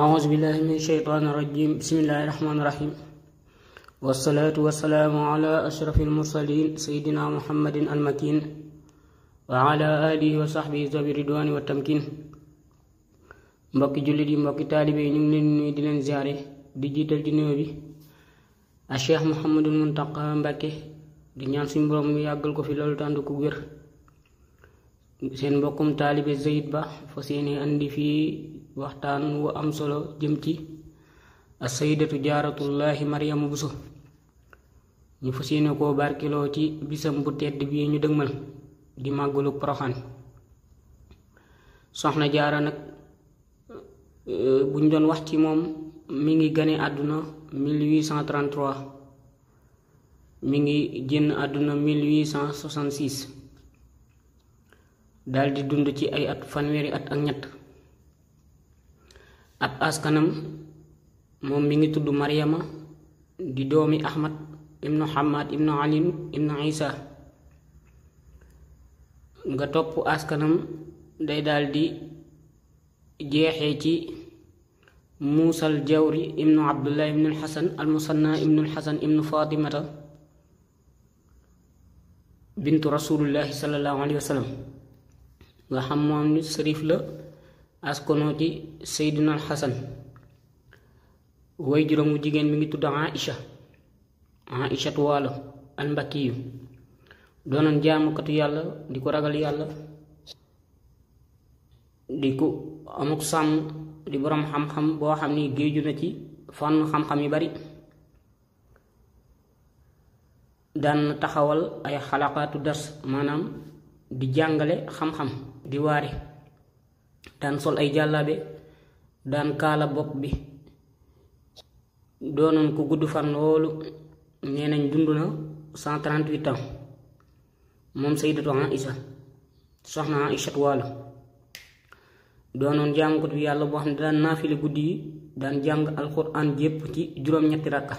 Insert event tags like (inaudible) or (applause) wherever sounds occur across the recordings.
أعوذ بالله من الشيطان الرجيم بسم الله الرحمن الرحيم والصلاة والسلام على أشرف المرسلين سيدنا محمد المكين وعلى آله وصحبه ذوي الرضوان والتمكين mbokki jullit yi mbokki taalibe yi ñu ngi leen nuyu di leen ziare di jiital ci nuyoo bi a Cheikh Mouhamadul Mountakha Mbacké di ñaan suñu borom mu yàggal ko fi loolu tànd ku seen mbokkum taalibe Zaid Ba fas yéene andi fii waxtaan wu am solo jëm ci asayidatu jaaratullahi maryamu buso ñu fas yéene koo barkiloo ci bisam bu tedd bii ñu dëgmal di màggalu poroxaan soxna jaara nag euh, buñ doon wax ci moom mi ngi gane àdduna 1833 mi ngi génn àdduna 1866 daldi dund ci ay at fanweeri at ak ñett ab askanam moom mi ngi tudd maryama di doomi ahmad ibnu hamad ibnu alim ibnu isa nga topp askanam day daldi jeexee ci muusal jawri ibnu abdullah ibnu alxasan almusanna ibnu alxasan ibnu fatimata bintu rasulillahi nga xam moom ni sërif la askanoo ci seydina xasan way juróomu jigéen mi ngi tudd aïcha aïchatu waalo almbakiyu doonoon jaamukatu yàlla di ko ragal yàlla di ko amuk sàmm di boroom xam-xam boo xam ni géeju na ci fànn xam-xam yu bari daan taxawal ay xalaqaatu dars maanaam di jàngale xam-xam di waare daan sol ay jàllaabe daan kaala bopp bi doonoon ku gudd fan loolu nee nañ dund na 138 moom sayyidatu Aïsa soxna Aïsa wàll doonoon yàlla boo xam ne daan naafile guddi yi daan jàng alxuraan jépp ci juróom-ñetti rakka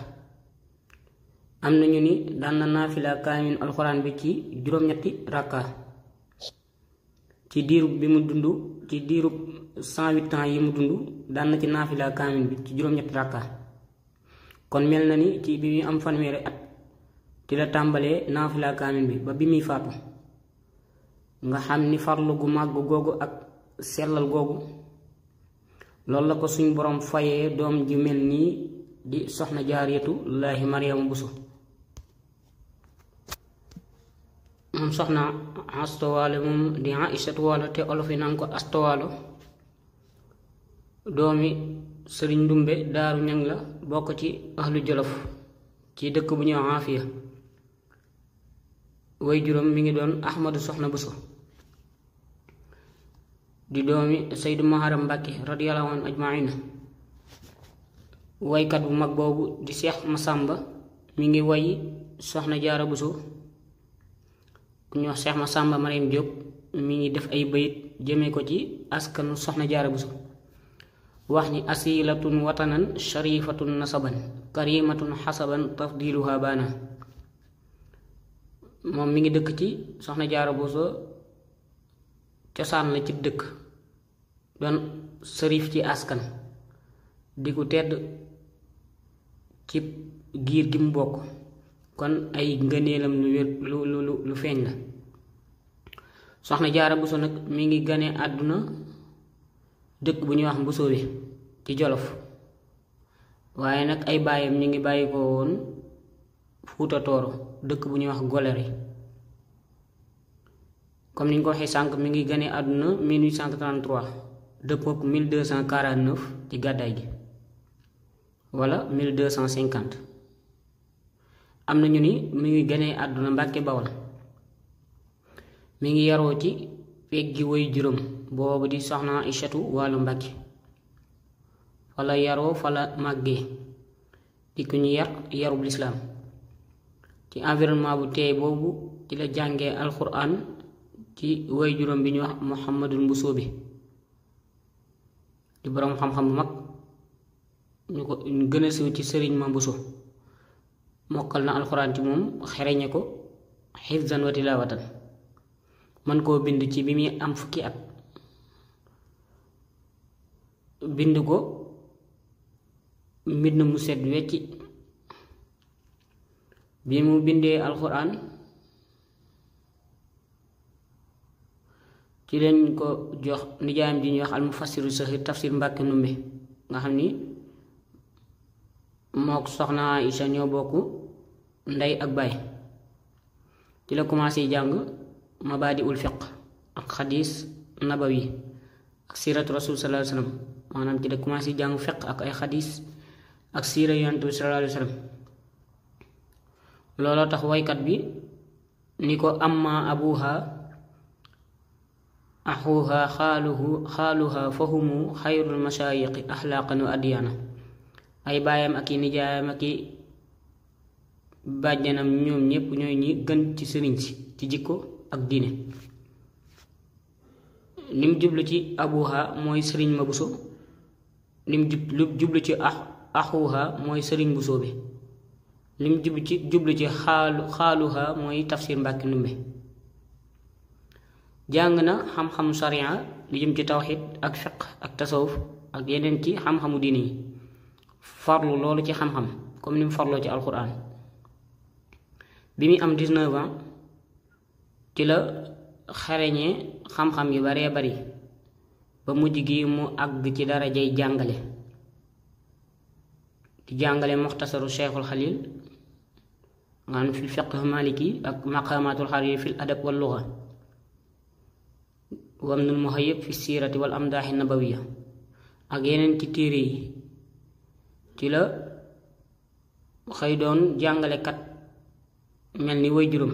am na ñu ni daan na kaamin alxuraan bi ci juróom-ñetti rakka ci diiru bi mu dund ci diirub cent huit ans yi mu dund daan na ci naafila kaamil bi ci juróom-ñetti rakka kon mel na ni ci bi muy am fanweeri at ci la tàmbalee naafila kaamil bi ba bi muy faatu nga xam ni farlu gu màgg googu ak sellal googu loolu la ko suñ boroom fayee doom ji mel nii di soxna jaariyatu laahi Mariama Buso moom soxna astowaalo moom di Aysatu Waalo te olof yi naan ko astowaalo doomi sëriñ ndumbe daaru ñang la bokk ci ahlu ci dëkk bu ñuy Aafiya woy juróom mi ngi doon ahmadu soxna Buso di doomi Saydu Maharam Mbàkke radiyallahu anhu ajmaina waykat bu mag boobu di Seex Masamba mi ngi way soxna Jaara Buso ku ñuy wax Cheikh Massamba Mariam Diop mi ngi def ay bayit jëme ko ci askanu soxna jaara buso wax ni asilatun watanan sharifatun nasaban karimatun xasaban tafdiluha baana moom mi ngi dëkk ci soxna jaara buso cosaan la ci dëkk doon sërif ci askan di ku tedd ci giir gi mu bokk kon ay ngëneelam lu wér lu lu lu feeñ la soxna jaara buso nag mi ngi gane àdduna dëkk bu ñuy wax mbusoo bi ci jolof waaye nag ay baayam ñu ngi bàyyi ko woon fuuta tooro dëkk bu ñuy wax golere comme ni ñu ko waxee sànq mi ngi ganee àdduna mille cent dëppook 1249 ci gàddaay gi wala 1250 am na ñu ni mi ngi gënee àdduna Mbàkke Bawol mi ngi yaroo ci peggi woy juróom boobu di soxna Aysatu wàllu Mbàkke fala yaroo fala màggee di ku ñu yar yarub lislaam ci environnement bu teey boobu ci la jàngee alxuraan ci woy juróom bi ñu wax Muhammadul bi di boroom xam-xam bu mag ñu ko gën a siiw ci sëriñ ma Mbuso mokkal na alxuraan ci moom xereñe ko xifzan wa tilaawatan mën koo bind ci bi muy am fukki at bind ko mbind mu set wecci bi mu bindee alxuraan ci lañ ko jox nijaayam ji ñuy wax al mufassiru saxiir tafsir mbàkke numbe nga xam ni mook soxna Aïcha ñoo bokk ndey ak baay ci la commencé jàng mabaadi ul fiq ak xadis nabawi ak siiratu rasul sallallahu alayhi maanaam ci la commencé jàng fiq ak ay xadiis ak siira yonent bi looloo tax woykat bi ni ko amma abuha axuha xaaluhu xaaluha fahumu xayrul masaayiqi axlaaqan wa adyaana ay baayam ak i nijaayam ak i bàjjanam ñoom ñépp ñooy ñi gën ci sëriñ si ci jikko ak diine lim jublu ci abuha mooy sëriñ ma mooy sëriñ buso bi lim jublu ci jublu ci xaalu xaaluha mooy tafsir mbàkki ndumbe jàng na xam-xamu sariya lu ci tawxid ak fiq ak tasawuf ak yeneen ci xam-xamu diine yi farlu loolu ci xam-xam comme ni farloo ci alquran bi muy am 19 ans ci la xareñee xam-xam yu baree bari ba mujj gi mu àgg ci dara jay jàngale di jàngale muxtasaru cheikhul xalil nga am fil fiqh maliki ak maqamatul xalil fil adab wal luga wamnul muhayyib fi siirati wal amdaaxi nabawiya ak yeneen ci téere yi ci la xëy doon jàngalekat mel ni woy juróom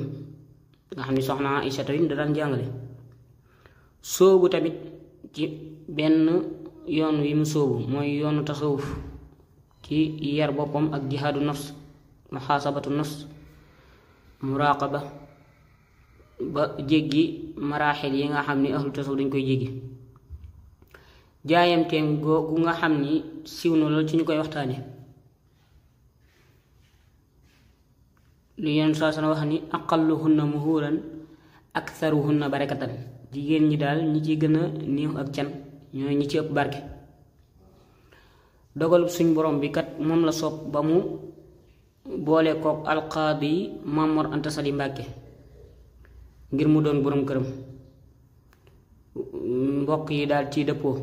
nga xam ni soxna Aysata yi da daan jàngale sóobu tamit ci benn yoon wi mu sóobu mooy yoonu tasawuf ci yar boppam ak jihaadu nafs muxaasabatu nafs muraqaba ba jéggi maraaxil yi nga xam ni ahlu tasawuf dañ koy jéggi jaayamteem googu nga xam ni siiw na lool ci ñu koy waxtaane lu yenn saa sana wax ni aqalluhunna muhuran aktharuhunna barakatan jigéen ñi daal ñi ci gën a néew ak can ñooy ñi ci ëpp barke dogal suñ borom bi kat moom la sopp ba mu boole kook alqaadi Mamor Anta Mbàkke ngir mu doon borom këram mbokk yi daal ci dëppoo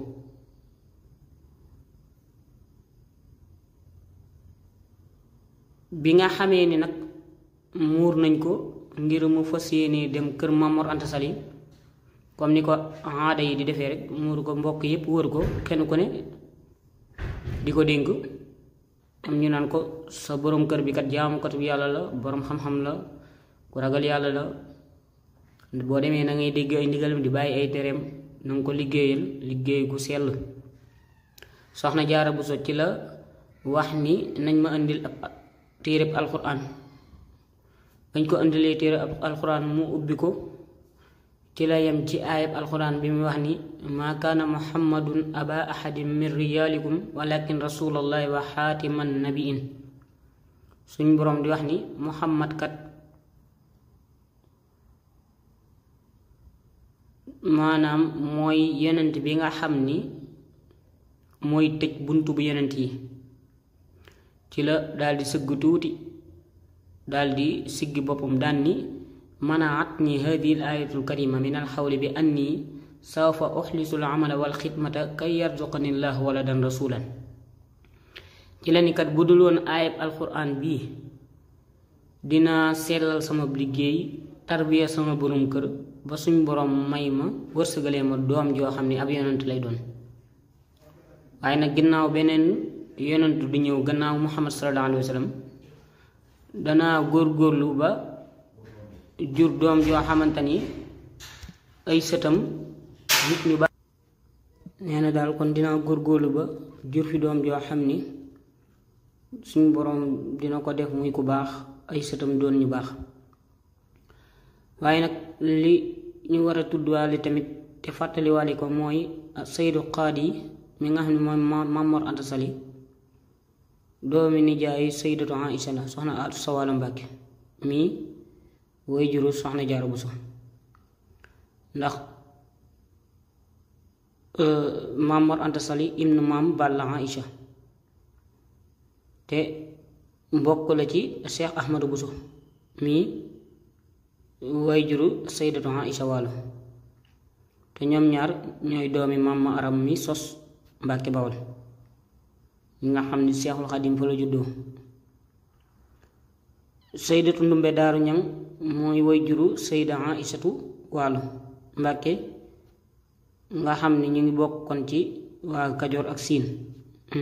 bi nga xamee ni nag muur nañ ko ngir mu fas yéene dem kër Mamor Anta Sali comme ni ko aada yi di defee rek muuru ko mbokk yépp wër ko kenn ko ne di ko dénk am ñu naan ko sa boroom kër bi kat jaamukatu yàlla la borom xam la ku ragal yàlla la boo demee na ngay dégg ay ndigalam di bàyyi ay tereem na ko liggéeyal liggéey gu sell soxna jaara bu so ci la wax ni nañ ma indil ab téereb alquran bañ ko indilee téere ab mu ubbi ko ci la yem ci aayab alxuraan bi mu wax ni maa kaana muhammadun aba ahadin min rijaalikum walakin rasulallahi wa xaatiman nabiin suñ boroom di wax ni muhammad maanaam mooy yonent bi nga xam ni mooy tëj bunt bu yonent yi ci la daldi sëgg tuuti daldi siggi boppam daan ni manaat ni hadihi l ayatul karima min alxawli bi anni sawfa uxlisu l amala wal xidmata kay yarzuqani llahu waladan rasulan ci la ni kat bu dul woon ayab alquran bii dina sellal sama liggéey tarbiya sama borom kër ba suñ boroom may ma wërsëgalee ma doom joo xam ne ab yonent lay doon waaye nag ginnaaw beneen yonent du ñëw gannaaw muhammad sallallahu alayhi wa danaa góorlu ba jur doom joo xamante ni ay sëtam nit ñu ba nee na daal kon dina góor góorlu ba jur fi doom joo xam ni suñ boroom dina ko def muy ku baax ay sëtam doon ñu baax waaye nag li ñu war a tuddwaale tamit te fàttaliwaale ko mooy Seydou Khady mi nga xam ne mooy Mame Mor doomi nijaay saydatu Aïcha la soxna Aatu Sawaalo Mbàkke mii woy juru soxna Jaara Buso ndax euh, maam Mor Anta Sali ibnu maam Balla Aïcha te mbokk la ci Cheikh Ahmadou Buso mii woy juru saydatu Aïcha Waalo te ñoom ñaar ñooy doomi maam ma aram mi sos Mbàkke Bawol ñi nga xam ni seexul xadim fa la juddoo saydatu ndumbe daaru ñang mooy way juru sayda aïsatu wàllu mbàkke nga xam ni ñu ngi bokkoon ci waa kajoor ak siin (clears throat)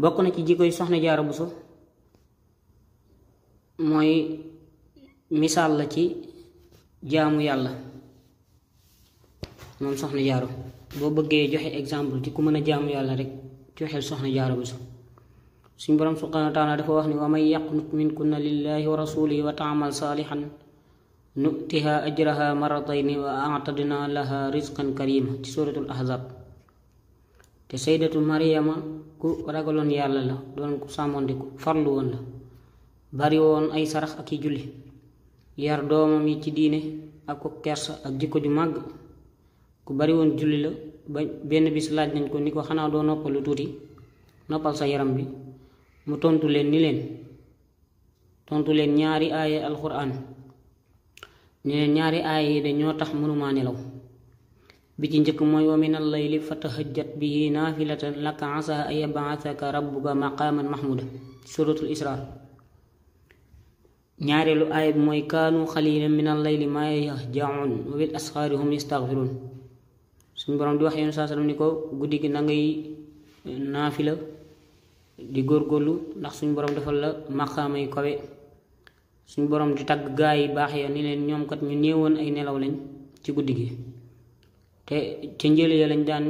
bokk na ci jikko yi jaaro bu buso mooy misaal la ci jaamu yàlla moom soxna jaaru boo bëggee joxe exemple ci ku mën a jaamu yàlla rek ci waxee soxna jaara bu suñ borom subhaanahu wa taala dafa wax ni wa man yaqnut minkunna lillahi wa rasulihi wa taamal saalihan nutiha ajraha marratayni wa atadna laha rizqan karima ci suratul ahzab te saydatu mariama ku ragaloon yàlla la doon ku sàmmonte ku farlu woon la bari woon ay sarax ak i julli yar doomam yi ci diine ak ko kersa ak jikko ju màgg ku bari woon julli la ba benn bis laaj nañ ko ni ko xanaa doo noppalu tuuti noppal sa yaram bi mu tontu leen ni leen tontu leen ñaari aaye alxuraan ne leen ñaari aaye yi de ñoo tax mënuma nelaw bi ci njëkk mooy wa minal layli fatahajjat bihi naafilatan laka asaa an yab'athaka rabbuka maqaaman mahmuuda suratul isra ñaareelu aay bi mooy kaanu xaliilan minal layli maa yahja'uun wa bil asxaari hum yastaghfiruun suñu boroom di wax yoon saa salaam ni ko guddi gi na eh, naafi la di góor góorlu ndax suñu borom defal la maqaama yu kawe suñu borom di tagg gaa yi baax ya ni leen ñoom kat ñu néewoon ay nelaw lañ ci guddi gi te ca njële ya lañ daan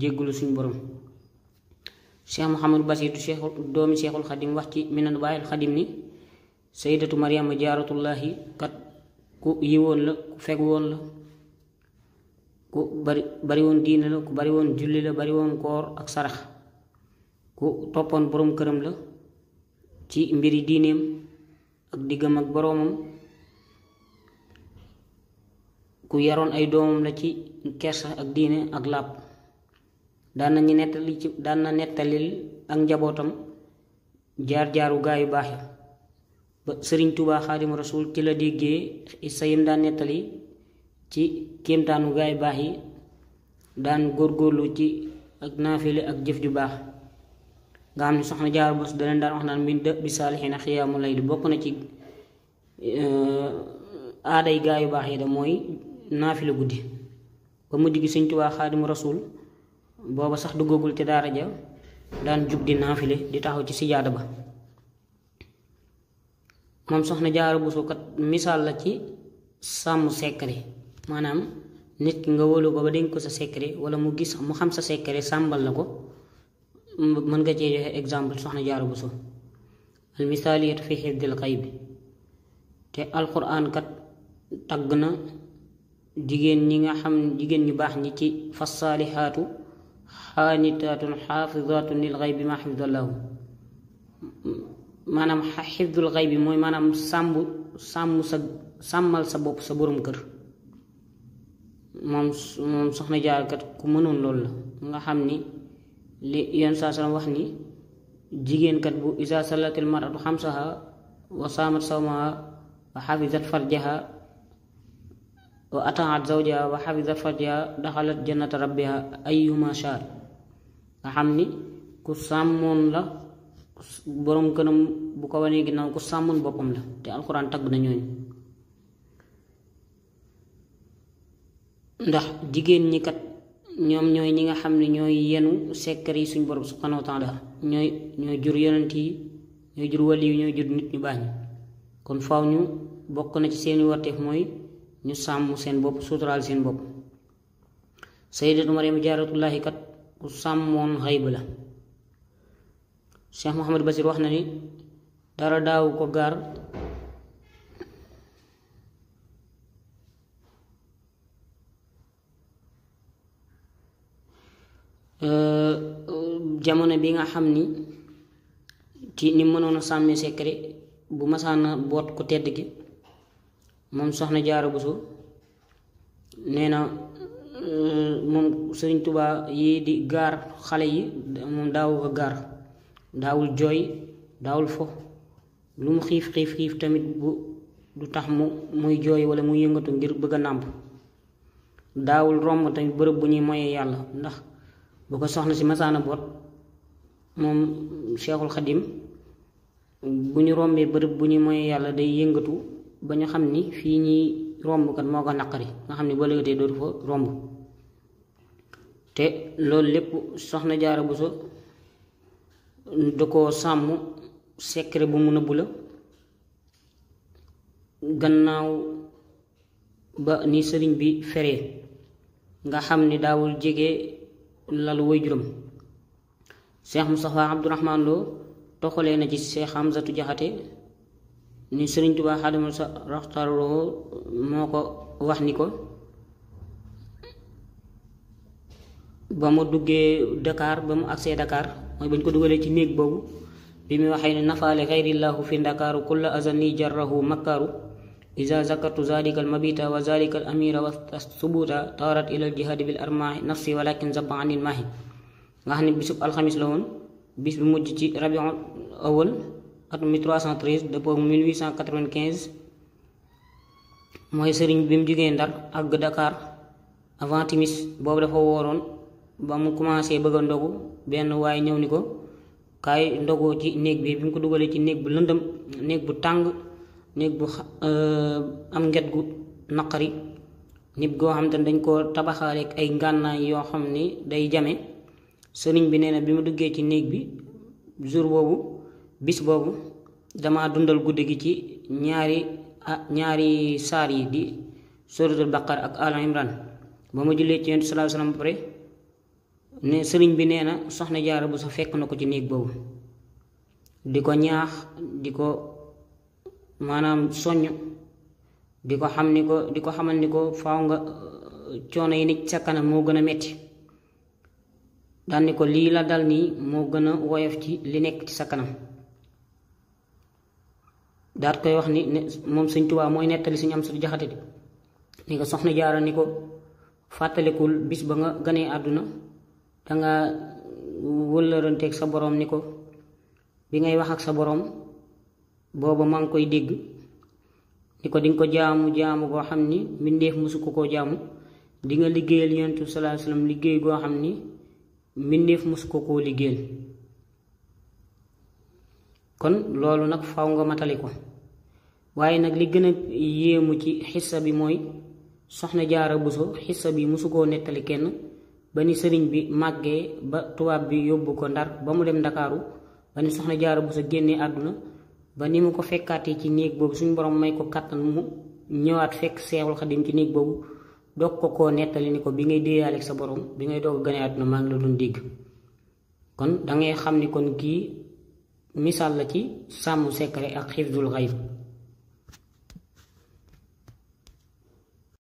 jéggulu suñu borom cheikh Mouhamadou Basiiru cheikh doomi cheikhul xadim wax ci minan baayil xadim ni saydatu mariama jaaratullahi kat ku yiwoon la ku feg woon la ku bari bari woon diine la ku bari woon julli la bari woon ak sarax ku toppoon boroom këram la ci mbiri diineem ak diggam ak boroomam ku yaroon ay doomam la ci kersa ak diine ak làpp daan nañu nettali ci daan nettalil ak njabootam jaar-jaaru gaa yu baax yi ba sëriñ Tuubaa Xaadimu Rasuul ci la déggee sa yim daan nettali ci kéemtaanu gaa baax yi daan góorlu ci ak naafile ak jëf ju baax nga xam ne soxna jaar bos da daan wax naan min dë bi saalixiina xiyaamu lay di bokk na ci eh, aaday gaa yu baax yi da mooy naafile guddi ba mujj gi Sëñ Tuubaa Xaadimu Rasuul booba sax duggagul ci daara ja daan jug di naafile di taxaw ci sijaada ba moom soxna jaara busu kat misaal la ci sàmm secret maanaam nit ki nga wóolu ko ba dénk ko sa secret wala mu gis mu xam sa secret sàmbal la ko mën nga cee joxe exemple soxna Jaara Buso al misaaliyatu fi xifdil bi te alquran kat tagg na jigéen ñi nga xam jigéen ñu baax ñi ci fasaalihaatu xaanitaatun xaafizaatun lil xaybi ma xifdallahu maanaam xifdul bi mooy maanaam sàmm sàmm sa sàmmal sa bopp sa borom kër moom soxna jaarkat ku mënoon lool la nga xam ni li yenn saa salaam wax ni jigéenkat bu isa salatil maratu xamsaha wa saamat sawmaha wa xafisat farjaha wa ataat zawjaha wa xafisat farjaha daxalat jannata nga xam ni ku sàmmoon la boroom kënam bu ko wanee ginnaaw ku sàmmoon boppam la te alxuraan tagg na ñooñu ndax jigéen ñi kat ñoom ñooy ñi nga xam ni ñooy yenu sekkar yi suñ boro subhanahu wa taala ñooy ñooy jur yonent yi ñooy jur wali yi ñooy jur nit ñu baax ñi kon faaw ñu bokk na ci seeni warteef mooy ñu sàmm seen bopp suturaal seen bopp sayyidatu Maryam jaaratullaahi kat ku sàmmoon xayb la Cheikh Mouhamed Basir wax na ni dara daaw ko gaar Euh, jamono bi nga xam ni ci ni mënoon a sàmmee secret bu masaana boot ku tedd gi moom soxna jaara buso nee na euh, moom sëriñ tubaa yi di gaar xale yi moom daawu ko gaar daawul jooy daawul fo lu mu xiif xiif xiif tamit bu du tax mu muy jooy wala muy yëngatu ngir bëgg a nàmp daawul romb tamit bërëb bu ñuy moyee yàlla ndax bu ko soxna si masaana boot moom Cheikhul Xadim bu ñu rombee bërëb bu ñu mooy yàlla day yëngatu ba ñu xam ni fii ñuy romb kat moo ko naqari nga xam ni boo léegi tey dootu loolu lépp soxna jaara bu so da ko sàmm secret bu mu nëbbu la gannaaw ba ni sëriñ bi feree nga xam ni daawul jege lalu way juróom cheikh Moustapha Abdourahman Lo toxalee na ci cheikh Hamzatu Jaxate ni sëriñ Tuubaa Xaadimu Rasuul moo ko wax ni ko ba mu duggee dakaar ba mu agsee Dakar mooy bañ ko dugalee ci néeg boobu bi mu waxee nafaale xayrillaahu fi ndakaaru kulla azani jarrahu makkaaru إذا ذكرت ذلك المبيت وذلك الأمير والثبوت طارت إلى الجهاد بالأرماح نفسي ولكن زب عن الماهي nga xam ne bisub alxamis la woon bis bu mujj ci rabiul awal mooy sëriñ bi mu jógee Ndar àgg Dakar avant timis boobu dafa wooroon ba mu commencé bëgg ndogu benn waaye ñëw ni ko kaay ndogoo ci néeg bi bi mu ko dugalee ci néeg bu lëndëm néeg bu tàng néeg bu euh, am nget gu naqari nit goo xam te dañ koo tabaxaaleeg ay ngànnaay yoo xam ni day jame sëriñ bi nee na bi ma duggee ci néeg bi jour boobu bis boobu dama dundal guddi gi ci ñaari ah, ñaari saar yi di suratul baqar ak al imran ba ma jëlee ci yonent sallallahu alayhi wasallam pare ne sëriñ bi nee na soxna jaara bu sa fekk na ko ci néeg boobu di ko ñaax di ko maanaam soññ di ko xam ni ko di ko xamal ni ko faaw nga coono yi nit sa kanam moo gën a metti daan ni ko lii la dal nii moo gën a woyof ci li nekk ci sa kanam daat koy wax ni moom sëñ Tuubaa mooy nettali suñu am su jaxate di ni ko soxna jaara ni ko fàttalikul bis ba nga ganee àdduna danga wëllëranteeg sa boroom ni ko bi ngay wax ak sa boroom booba maa ngi koy dégg ni ko dinga ko jaamu jaamu goo xam ni mbindeef musu ko koo jaamu di nga liggéeyal yonent bi liggéey goo xam ni mbindeef musu ko koo liggéeyal kon loolu nag faw nga matali ko waaye nag li gën a yéemu ci xissa bi mooy soxna jaara buso xissa bi musu koo nettali kenn ba ni sëriñ bi màggee ba tubaab bi yóbbu ko ndar ba mu dem ndakaaru ba ni soxna jaara buso génnee àdduna ba ni mu ko fekkaatee ci néeg boobu suñu boroom may ko kàttan mu ñëwaat fekk seexul xadim ci néeg boobu dog ko ko nettali ni ko bi ngay déeyaale sa boroom bi ngay doog gane àdduna maa ngi la doon dégg kon dangay xam ni kon kii misaal la ci sàmm secret ak xifdul xayb